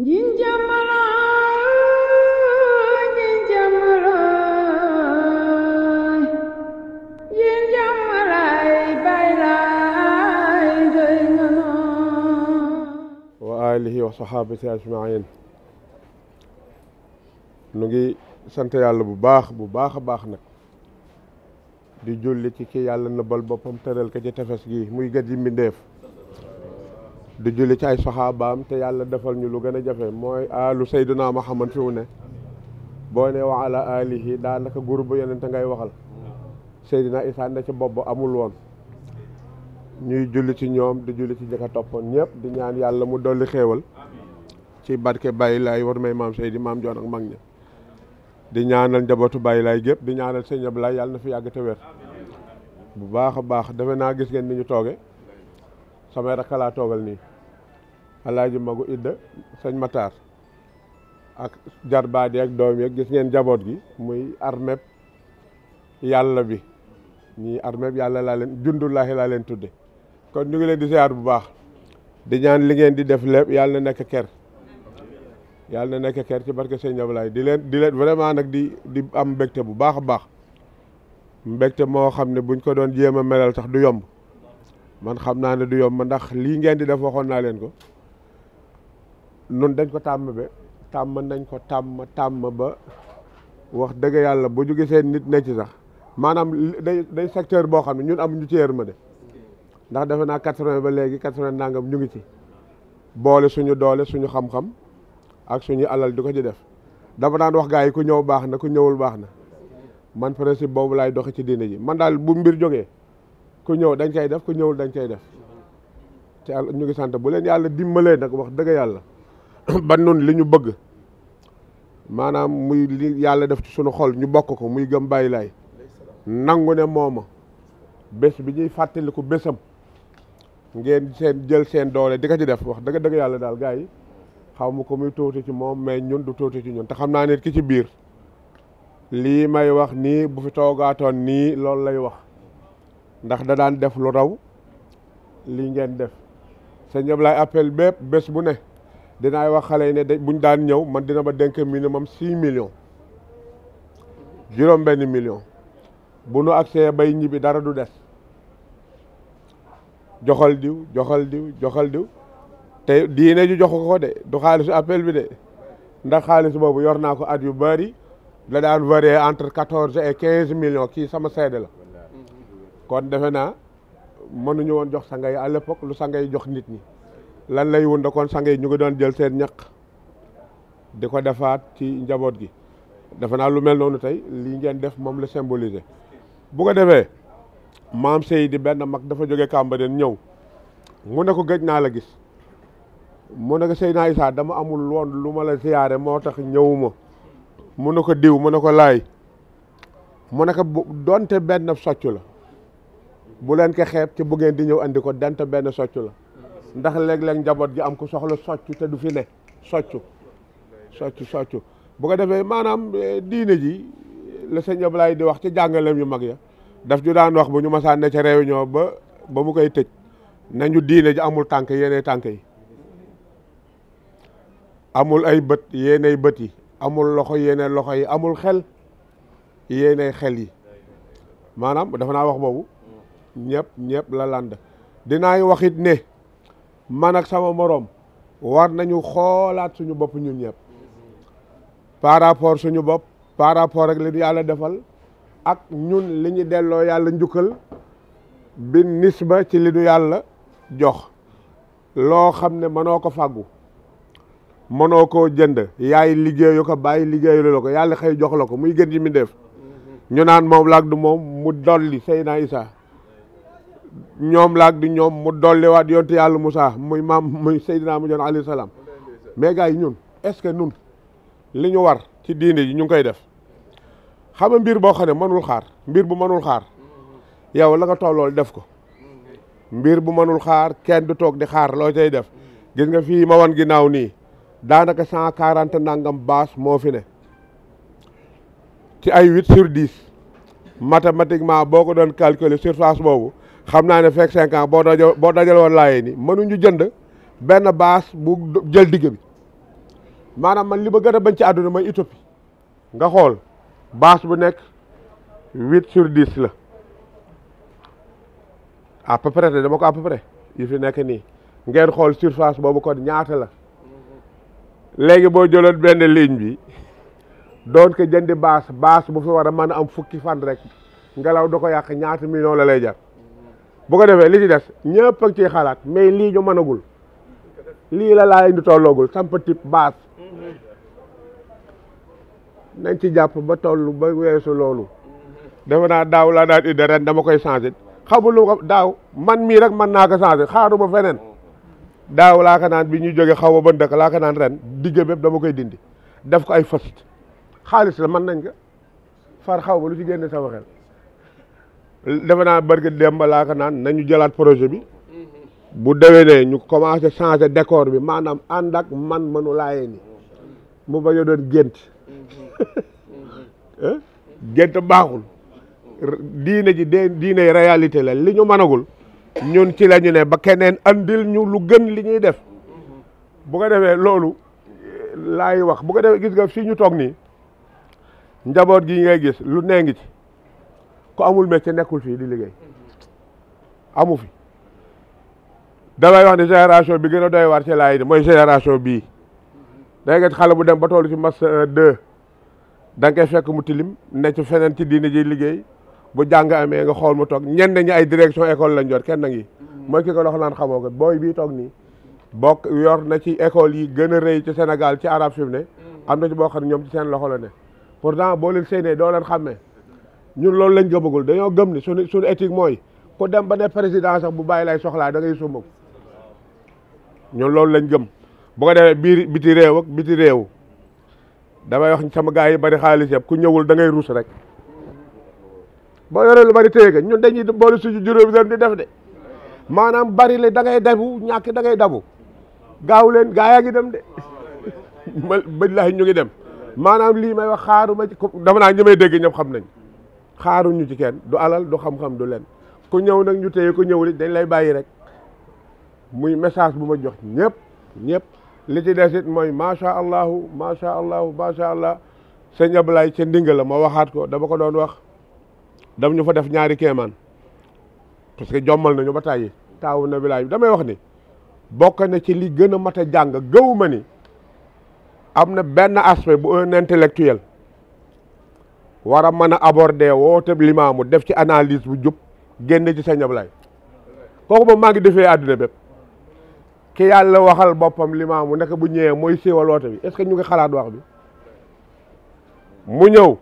alihi wa sahabati ajmain nu ngi sant yàlla bu baax bu baax a baax nag di julli ci ki yàlla nëbbal boppam tëral ko ci tefes gi muy gët yi mbindeef di julli ci ay soxaa baam te yàlla defal ñu lu gën a jafe mooy alu sayduna Muhammad fi mu ne boo ne wa ala alihi daanaka groupe yonente ngay waxal sayduna Isa ne ci bopp amul woon ñuy julli ci ñoom di julli ci njëkk a toppoon ñëpp di ñaan yàlla mu dolli xeewal ci barke bàyyi Laye war may maam Seydi maam Joon ak mag ña di ñaanal njabootu Baye Laye gépp di ñaanal sëñ Ablaye yàlla na fi yàgg te wér bu baax a baax defe naa gis ngeen ni ñu tooge samay nii alaaji magu idda sëñ mataar ak jarbaat yi ak doom yeeg gis ngeen jaboot gi muy armeb yàlla bi ñii armeb yàlla laa leen jundullaahi laa leen tudde kon ñu ngi leen di ziar bu baax di ñaan li ngeen di def lépp yàlla na nekk ker yàlla na nekk ker ci barke sëñ Ablaye di leen di leen vraiment nag di di am mbégte bu baax a baax mbégte moo xam ne buñ ko doon jéem a melal sax du yomb man xam naa ne du yomb ndax lii ngeen di def waxoon naa leen ko nun dañ ko tàmm be tàmm nañ ko tàmm tàmm ba wax dëgg yàlla bu ñu gisee nit ne ci sax maanaam day day secteur boo xam ne ñun ñu ci ma yërmande ndax defe naa quatre-vingt ba léegi quatre-vingt nangam ñu ngi ci boole suñu doole suñu xam-xam ak suñu alal di ko ci def dama daan wax gaa yi ku ñëw baax na ku ñëwul baax na man principe boobu laay doxe ci diine ji man daal bu mbir jógee ku ñëw dañ kay def ku ñëwul dañ koy def te ñu ngi sant bu leen yàlla dimbalee nag wax dëgg yàlla ba nun li ñu bëgg maanaam muy li yàlla def ci sunu xol ñu bokk ko muy gëm bàyyi laay nangu ne mooma bés bi ñuy fàttaliku bésam ngeen seen jël seen doole di ko ci def wax dëgg dëgg yàlla daal gars yi xaw ma ko muy tuuti ci moom mais ñun du tuuti ci ñun te xam naa ne ki ci biir lii may wax nii bu fi toogaatoon nii loolu lay wax ndax da daan def lu raw lii ngeen def sëñ Ablaye appel bépp bés bu ne dinaay wax xale yi ne buñ daan ñëw man dina ma denk minimum six millions juróom benn million bu nu agsee bay ñibbi dara du des joxal diw joxal diw joxal diw te diine ju joxu ko de du xaalisu appel bi de ndax xaalis boobu yor naa ko at yu bari la daan varier entre quatorze et quinze millions kii sama seede la mm-hmm. kon defe naa mënuñu woon jox sanga yi à l'époque lu sanga yi jox nit ñi lan lay wun da kon sang ñu ngi doon jël seen ñaq di ko defaat ci njaboot gi defe naa lu mel noonu tey lii ngeen def moom la symboliser bu ko defee maam sey di benn mag dafa jóge Cambérène ñëw mu ne ko gëj naa la gis mu nekk ko Seydina Issa dama amul woon lu ma la ziyaare moo tax ñëwuma mu ne ko diw mu ne ko laay mu nekk ko donte benn soccu la bu leen ko xeeb ci buggeen di ñëw andi ko donte benn soccu la ndax léeg-léeg njaboot gi am ku soxla soccu te du fi ne soccu soccu soccu bu ko defee maanaam eh, diine ji la sëñ Ablaye di wax ci jàngaleem yu mag ya daf ju daan wax bu ñu masaan ne ca réunion ba ba mu koy tëj nañu diine ji amul tànk yéenay tànk yi amul ay bët yéenay bët yi amul loxo yéenay loxo yi amul xel yéenay xel yi maanaam dafa naa wax boobu ñëpp ñëpp la land dinaay waxit ne man ak sama moroom war nañu xoolaat suñu bopp ñun ñëpp par rapport suñu bopp par rapport ak li ñu yàlla defal ak ñun li ñu delloo yàlla njukkal bi nisba ci li ñu yàlla jox loo xam ne mënoo ko fàggu mënoo ko jënd yaay liggéeyu ko bàyyi liggéeyu la ko yàlla xëy jox la ko muy gën yi mi def mm-hmm. ñu naan moom laag du moom mu dolli Seydina Isa ñoom laag di ñoom mu dolliwaat yonte yàlla Moussa muy maam muy Seydina mu joon alayhi salaam mais gars yi ñun est-ce que ñun li ñu war ci diine ji ñu ngi koy def xam nga mbir boo xam ne mënul xaar mbir bu mënul xaar yow la nga tollool def ko mbir bu mënul xaar kenn du toog di xaar loo cay def gis nga fii ma wan ginnaaw nii daanaka cent quarante nangam baas moo fi ne ci ay huit sur dix mathématiquement boo ko doon calculer surface boobu xam naa ne fekk cinq ans boo dajal boo dajal woon laayee ni mënuñu jënd benn baas bu jël digg bi maanaam man li ma gën a bañ ci àdduna mooy utopie nga xool baas bu nekk huit sur dix la à peu près dama ko à peu yi fi nekk nii ngeen xool surface boobu kon ñaata la léegi boo jëloon benn ligne bi doon ko jëndi baas baas bu fi war a mën a am fukki fan rek ngelaw da ko yàq ñaata million la lay jar bu ko defee li ci des ñëpp ak ciy xalaat mais lii ñu managul lii la laa indi tolloogul samp type baas nañ ci jàpp ba toll ba weesu loolu defe naa daaw laa daan indi ren dama koy changé xamul lu ko daaw man mii rek mën naa ko changé xaaruma feneen daaw laa ko bi ñuy jógee xaw ma ban dëkk laa ko ren digge bépp dama koy dindi def ko ay fast xaalis la mën nañ ko far xaw ma lu ci génne sama xel defe naa barke Demba naan nañu jalaat projet bi bu déwénee ñu commencé changé décor bi maanaam ànd ak man mënu laayee mu bañ a doon gént gént baaxul diine ji de diine réalité le li ñu mënagul ñun ci la ñu ne ba keneen andil ñu lu gën li ñuy def bu ko defee loolu laay wax bu ko defee gis nga fii ñu toog nii njaboot gi ngay gis lu nee ngi ci ku amul métier nekkul fii di liggéey amu fi damay wax ne génération bi gën a doy waar ci laay mooy génération bii da nga xale bu dem ba toll ci master 1 2 da nga koy fekk mu tilim ne ci feneen ci diine ji liggéey bu jàng amee nga xool mu toog ñenn ñi ay direction école lañ jot kenn yi mooy ki ko dox xamoo ko booy bii toog nii bokk yor na ci école yi gën a rëy ci Sénégal ci arab fi mu ne am na ci boo xam ne ñoom ci seen loxo la ne pourtant boo leen seenee doo leen xàmmee ñun loolu lañ gëmagul dañoo gëm ni suñu suñu éthique mooy ku dem ba ne président sax bu bàyyi lay soxlaa dangay ngay sumb ñun loolu lañ gëm bu ko defee biir biti réew ak biti réew damay wax sama gars yi bari xaalis yëpp ku ñëwul da ngay ruus rek boo yoree lu bari téye ñun dañuy boole suñu juróomi doon di def de maanaam bari le da ngay debu ñàkk da ngay dabu gaaw leen gaa yaa ngi dem de ma bëj ñu ngi dem maanaam lii may wax xaaruma ci dafa naa ñi may dégg ñëpp xam nañ xaaruñu ci kenn du alal du xam-xam du leen ku ñëw nag ñu téye ku ñëwul dañ lay bàyyi rek muy message bu ma jox ñëpp ñëpp li ci des mooy macha allahu macha allahu macha allah sëñ Ablaye ca ndinga la ma waxaat ko dama ko doon wax dam ñu fa def ñaari kéemaan parce jommal nañu ba tàyyi taawu na wilaay bi damay wax ni bokk na ci li gën a mat a jàng gëwuma ni am na benn aspect bu un intellectuel war a mën a aborder woote limaamu def ci analise bu jub génn ci sëñ Ablaay kooku moom maa ngi defee àdduna bépp ki yàlla waxal boppam limaamu nekk bu ñëwee mooy siiwal woote bi est-ce que ñu ngi xalaat wax bi mu ñëw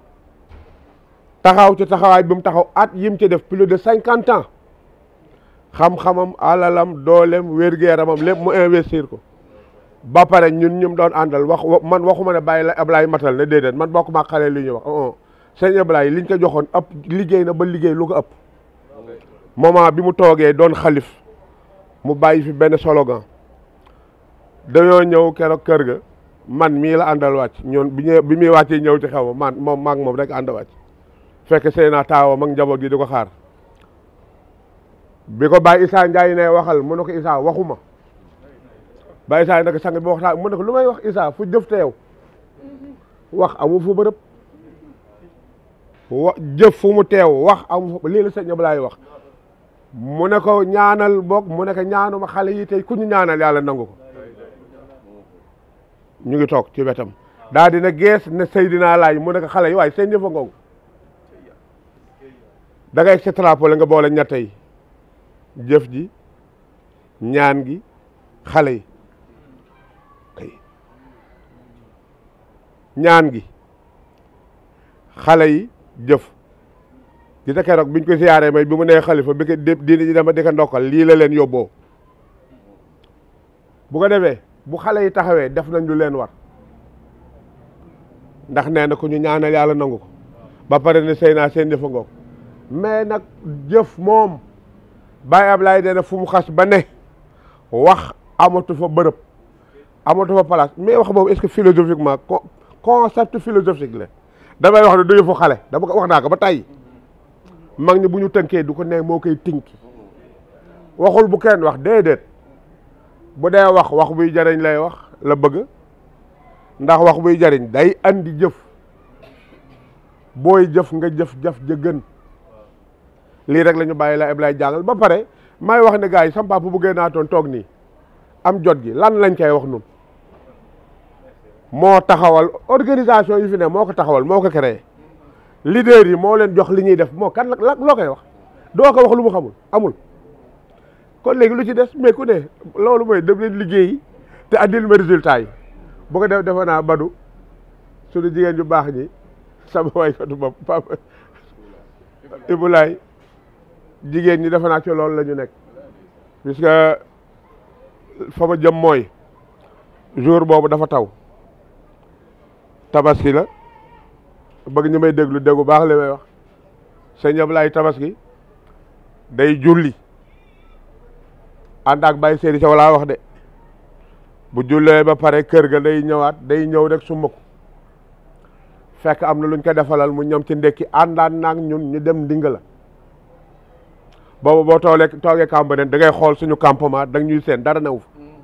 taxaw ci taxawaay bi mu taxaw at yim ci def plus de cinquante ans xam-xamam alalam doolem wér-gu-yaramam lépp mu investir ko ba pare ñun ñum doon àndal wax man waxuma ne bàyyi la Ablaay matal ne déedéet man bokk maa xale li ñuy wax o sëñ Ablaye liñ ko joxoon ëpp liggéey na ba liggéey lu ko ëpp moment bi mu toogee doon xalif mu bàyyi fi benn slogan dañoo ñëw keroog kër ga man mii la àndal wàcc ñoon bi ñu bi muy wàccee ñëw ci xew ma man moom maag moom rek ànd wàcc fekk seen a taawam ak njaboot gi di ko xaar bi ko Baye Issa Ndiaye ne waxal mu ne ko Issa waxuma Baye Issa nag sang bi waxtaan mu ne lu may wax Issa fu jëf teew wax amu fu bërëb wa jëf fu mu teew wax am lii la sëñ Ablaye wax mu ne ñaanal boog mu nekk ñaanu ñaanuma xale yi tey ku ñu ñaanal yàlla nangu ko ñu ngi toog ci wetam daal ne gees ne Seydina laay mu nekk xale yi waaye seen jëfa ngoogu da ngay extrapolé nga boole ñett yi jëf ji ñaan gi xale yi ñaan gi xale yi jëf ci sa keroog biñ ko siyaaree may bi mu nee xalifa bi ko diine ji dama di ko ndokkal lii la leen yóbboo bu ko defee bu xale yi taxawee def nañ lu leen war ndax nee na ko ñu ñaanal yàlla nangu ko ba pare ne sëy naa seen jëfangoog mais nag jëf moom Baye Ablaye dee na fu mu xas ba ne wax amatu fa bërëb amatu fa place mais wax boobu est-ce que philosophiquement concept philosophique la damay wax ne du yëfu xale dama ko wax naa ko ba tey mag ñi bu ñu tënkee du ko ne moo koy tinki waxul bu kenn wax déedéet bu dee wax wax buy jariñ lay wax la bëgg ndax wax buy jariñ day andi jëf booy jëf nga jëf jaf ja gën lii rek lañu ñu bàyyi la Ablaye jàngal ba pare may wax ne gaa yi sama bu bëggee naatoon toog nii am jot gi lan lañ koy wax nun moo taxawal organisation yu fi ne moo ko taxawal moo ko créé leader yi moo leen jox li ñuy def moo kan la loo koy wax doo ko wax lu mu xamul amul kon léegi lu ci des mais ku ne loolu mooy dem leen liggéeyi te andil ma résultat yi bu ko def defe naa badu suñu jigéen ju baax ñi sama waykatu bopp papa Ibulaay jigéen ñi defe naa ci loolu la nekk puisque fa ma jëm mooy jour boobu dafa taw tabaski la bëgg ñu may lu déggu baax li may wax sëñ Ablaye tabaski day julli andak bay bàyyi seedi sa wax de bu sumuk. ba paré kër ga day ñëwaat day ñëw rek su mako fekk amna luñ ko defalal mu ñom ci ndekki àndaan nak ñun ñu dem ndinga la bo boo toolee kamba den da ngay xol suñu campement da ñuy seen dara newu mm-hmm.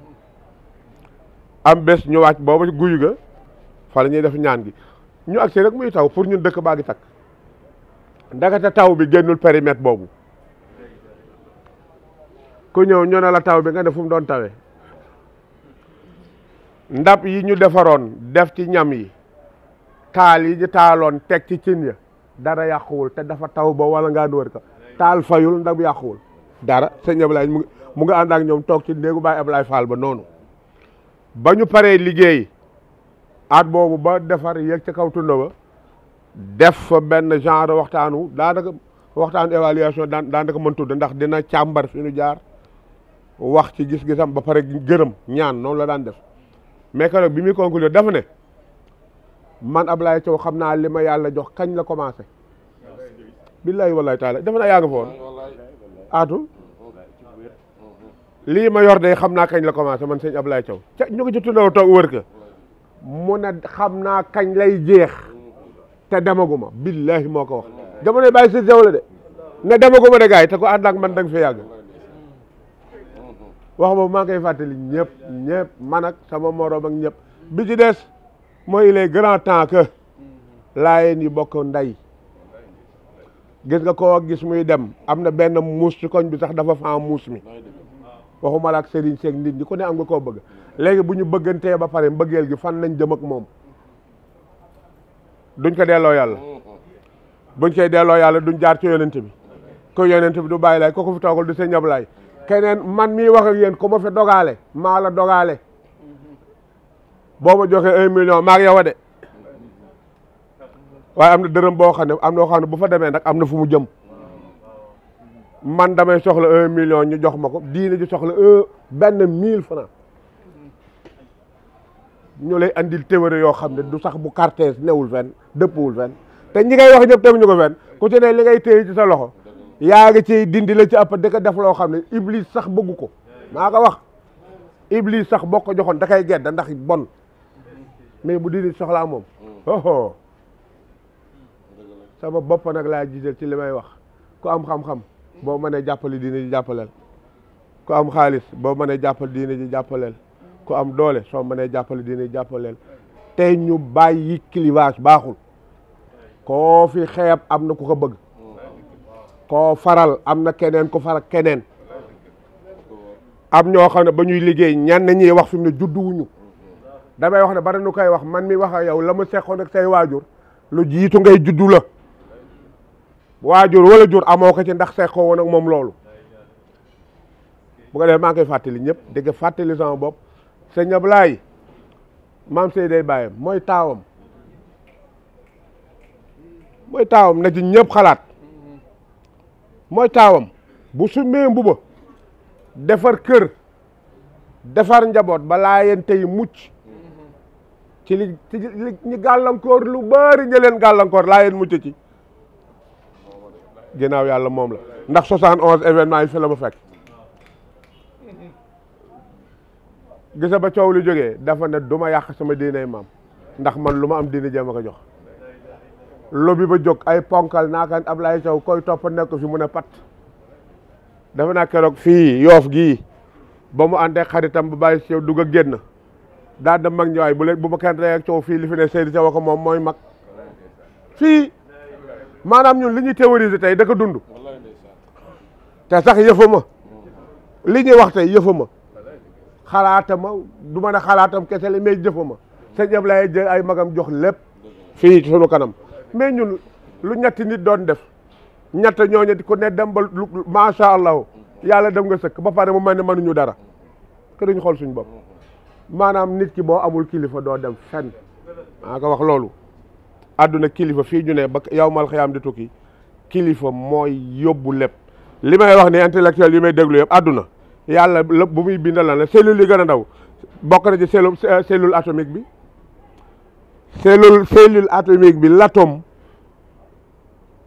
am bes ñu wacc bobu ga fa la ñuy def ñaan gi ñu agsi rek muy taw pour ñun dëkk baagi tak takk ta taw bi gennul périmètre bobu ko ñew ñona la taw bi nga ne fu mu doon tawé ndap yi ñu défaron def ci ñam yi taal yi ñu taalon tek ci cin ya dara te dafa taw ba wala nga door ka taal fayul ndab yàquwul dara sëñ Ablaye mu nga ànd ak ñoom toog ci néegu baye Ablaye Fall ba nonu bañu paré liggéey aat boobu ba defar yegg ca kaw tunda def fa benn genre waxtaanu daanaka waxtaanu évaluation daan daanaka mën tudd ndax dina càmbar fi ñu jaar wax ci gis-gisam ba pare gërëm ñaan noonu la daan def mais keroog bi muy conclure dafa ne man Ablaye Thiaw xam naa li ma yàlla jox kañ la commencé billahi wallahi taala dafa naa yaa nga fa woon aatu lii ma yor de xam naa kañ la commencé man sëñ Ablaye Thiaw ca ñu ko ci tunda ba wër ka mu ne xam naa kañ lay jeex te demaguma billahi moo ko wax jamono bàyyi sa sew la de ne demaguma de gars te ko ànd ak man danga fi yàgg wax boobu maa koy fàttali ñëpp ñëpp man ak sama moroom ak ñëpp bi ci des mooy il est grand temps que laayeen yi bokk ndey gis nga koo gis muy dem am na benn muus ci koñ bi sax dafa faa muus mi waxuma malaak ak sëriñ seeg nit ñi ku ne am nga koo bëgg léegi bu ñu bëggantee ba pare bëgg mbëggeel gi fan nañ jëm ak moom duñ ko delloo yàlla buñ koy delloo yàlla duñ jaar ci yonent bi ko yonent bi du bàyyi laay ko ko fi toogal du sëñ Ablaay keneen man mii wax ak yéen ku ma fi dogaale maa la dogaale boo ma joxee ay million maa ngi de waaye am na dërëm boo xam ne am na xam ne bu fa demee nag am na fu mu jëm man damay soxla 1 million ñu jox mako ko diine ji soxla 1 benn mille franc ñu lay andil téwéré yo xamné du sax bu cartes newul fenn deppul fenn te ñi ngay wax ñëpp teguñu ko fenn ku ci ne li ngay téy ci sa loxo yaagi ci dindi la ci app dék def lo xamné iblis sax bëggu ko maa ko wax iblis sax boo joxon da kay gedd ndax bon mais bu diine soxla mom oh oh sama bop nak la jidel ci limay wax ku am xam-xam boo mënee jàppale diine ji jàppaleel ku am xaalis boo mënee jàppale diine jàppaleel ku am doole soo mënee jàppale diine ji jàppaleel tey ñu bàyyi clivage baaxul koo fi xeeb am na ku ko bëgg koo faral am na keneen ku far keneen am ñoo xam ne ba ñuy liggéey ñan nañuy wax fi ne judduwuñu damay wax ne bari nu koy wax man mi wax ak yow la mu seqoon ak say waajur lu jiitu ngay juddu la waajur wala jur amoo ko ci ndax seqoo woon ak moom loolu bu ko defee maa ngi koy fàttali ñëpp dégg fàttali sama bopp sëñ Ablaye maam sey day bàyyam mooy taawam mooy taawam na ci ñëpp xalaat mooy taawam bu summee mbuba defar kër defar njaboot balaa yéen tey mucc ci li ci li gàllankoor lu baari ñu leen gàllankoor laa yen mucc ci ginnaaw yàlla moom la ndax 71 événement yi fi la ma fekk gisa ba coow lu jógee dafa ne du ma yàq sama diinay maam ndax man lu ma am diine jéem a ko jox lobi ba jóg ay ponkal naakaan Ablaye Sow koy toppa nekk fi mu ne pat dafa naa keroog fii yoof gii ba mu àndee xaritam bu bàyyi si dugg a génn daa dem mag ñëwaay bu leen bu ma kenn rey ak coow fii li fi ne Seydou Sow ko moom mooy mag fii maanaam ñun li ñuy théoriser tey da dund te sax yëfama li ñuy wax tey yëfama xalaatama du mën a xalaatam kese la mais jëfama sëñ Ablaye jël ay magam jox lépp fii sunu kanam mais ñun lu ñetti nit doon def ñett ñooñu ku ne dem ba lu macha allah yàlla dem nga sëkk ba pare mu mel ne mënuñu dara que duñ xool suñu bopp maanaam nit ki boo amul kilifa doo dem fenn maa ko wax loolu. àdduna kilifa fii ñu ne ba yow mal xiyaam di tukki kilifa mooy yóbbu lépp li may wax ni intellectuel yi may déglu yëpp àdduna yàlla lépp bu muy bindal la ne cellule yi gën a ndaw bokk na ci cellule cellule atomique bi cellule cellule atomique bi l'atome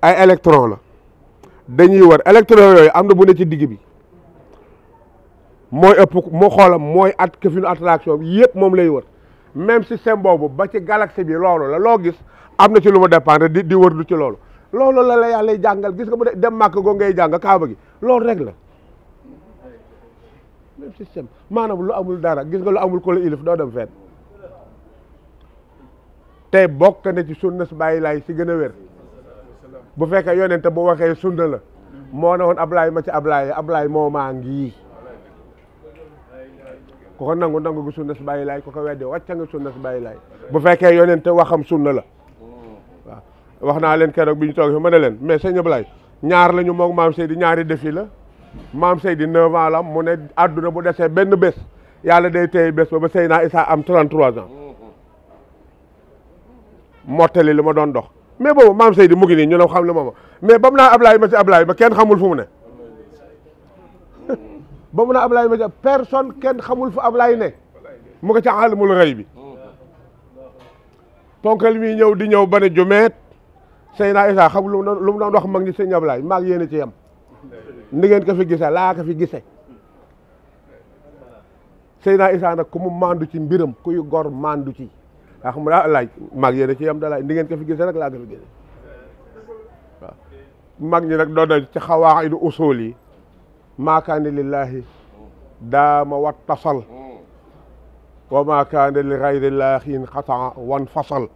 ay électron la dañuy wër électron yooyu am na bu ne ci digg bi mooy ëpp moo xoolam mooy at këfinu attraction bi yëpp moom lay wër même système boobu ba ci galaxie bi loolu la loo gis am na ci lu ma dépendre di di wërdu ci loolu loolu la la yàlla jàngal gis nga bu dem màkk goo ngay jàng kaaba gi loolu rek la même système lu amul dara gis nga lu amul ko la ilif doo dem fenn tey bokk na ci sunna si bàyyi lay si gën a wér bu fekkee yonente bu waxee sunna la moo ne woon ci ablaay ablaay moo maa ngi ku ko nangu nangu gi sunna su bàyyi ko weddi nga sunna su bàyyi laay bu fekkee waxam sunna la wax naa leen keroog bi ñu toog fi ma ne leen mais sëñ Ablaye ñaar la ñu moog maam di ñaari défi la maam Seydi 9 ans la mu ne àdduna bu desee benn bés yàlla day téye bés ba ba Seydina Issa am 33 ans mottali li ma doon dox mais boobu maam Seydi mu ngi nii ñu ne xam ma moom mais ba mu naa Ablaye ma si Ablaye ma kenn xamul fu mu ne ba mu naa Ablaye ma si personne kenn xamul fu Ablaye ne mu ngi ca àlmul rëy bi ponkal mi ñëw di ñëw ba ne Seydina naa xam lu lu mu doon wax mag ñi sëñ Ablaay maag yéen a ci yem ni ngeen ko fi gise laa ko fi gise Seydina Isa nag ku mu mandu ci mbiram kuy gor mandu ci waa xam daa laaj maag yéen a ci yem da laaj ni ngeen ko fi gise nag laa ko fi gise mag ñi nag doon nañ ci xawaa'idu usul yi maa kaana lillaahi daama wat tasal wa maa kaana li gayrillaahi in xataa wan fasal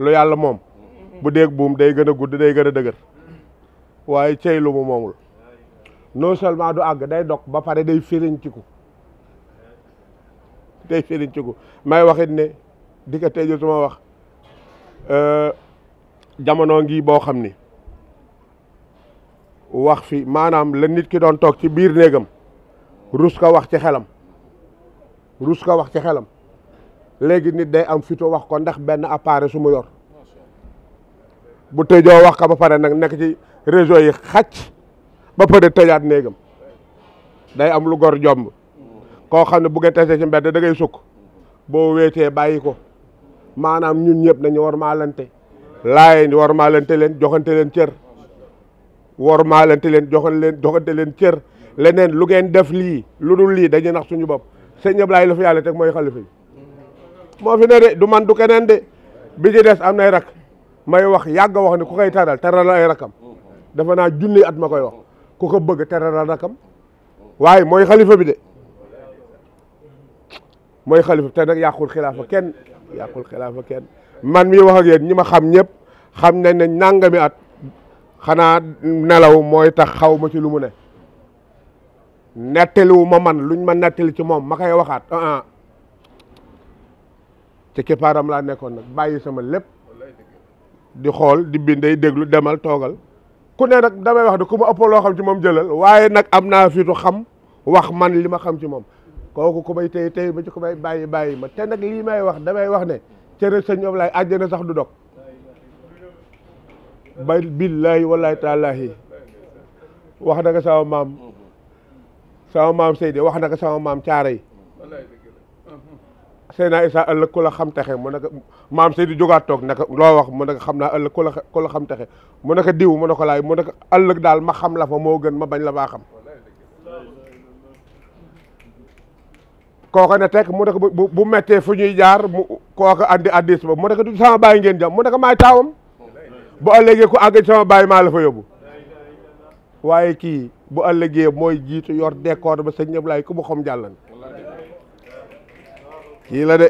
lu yàlla moom bu dee buum day gën a gudd day gën a dëgër waaye cey lu moomul non seulement du àgg day dog ba pare day firinciku day firinciku may waxit ne di ko tey suma wax euh, jamono ngi boo xam ni wax fi maanaam la nit ki doon toog ci biir néegam rus ko wax ci xelam rus ko wax ci xelam léegi nit day am fito wax ko ndax benn appareil su mu yor bu tëjoo wax ka ba pare nag nekk ci réseau yi xac ba pare tejaat néegam day am lu gor jomb koo xam ne bu ngeen tasee ci mbedd da ngay sukk boo weetee bàyyi ko maanaam ñu ñëpp nañu war maalante laayeen war maalante leen joxante leen cër war maalante leen joxan leen joxante leen cër leneen lu ngeen def lii lu dul lii dañuy nax suñu bopp sëñ Ablaye la fi yàlla teg mooy xalifa yi moo fi ne de du man du keneen de bi ci des am nay rak may wax yàgga wax ne ku koy taral taral ay rakam dafa naa junni at ma koy wax ku ko bëgg taral rakam waaye mooy xalifa bi de mooy xalifa te nag yàqul xilaafa kenn yàqul xilaafa kenn man mii wax ak ñi ma xam ñëpp xam nañ ne nangami at xanaa nelaw mooy tax xaw ma ci lu mu ne nettaliwu ma man luñ ma nettali ci moom ma koy waxaat ah ah ci kippaaram laa nekkoon nag bàyyi sama lépp di xool di bind day déglu demal toogal ku ne nag damay wax ne ku ma ëpp loo xam ci moom jëlal waaye nag am naa fitu xam wax man li ma xam ci moom kooku ku may tey tey ba ci ku may bàyyi bàyyi ma te nag lii may wax damay wax ne cere sëñ ñoom laay àjjana sax du dog bay billaahi wallaahi taalaahi wax na ko sama maam mm-hmm. sama maam Seydi wax na ko sama maam yi Seyna Issa ëllëg ku la xam texe mu ne ko maam Seydou jógaat toog ne loo wax mu ne xam naa ëllëg ku la xam texe mu ne diw mu ne ko laay mu ne daal ma xam la fa moo gën ma bañ la baa ne tekk mu ne ko bu mettee fu ñuy jaar mu kooka andi addis ba mu ne ko du sama bàyyi ngeen jam mu ne ko maay taawam bu ëllëgee ku àgg sama bàyyi maa fa yóbbu waaye kii bu ëllëgee mooy jiitu yor décor ba sa ñëpp laay ku mu xam jàllan kii la de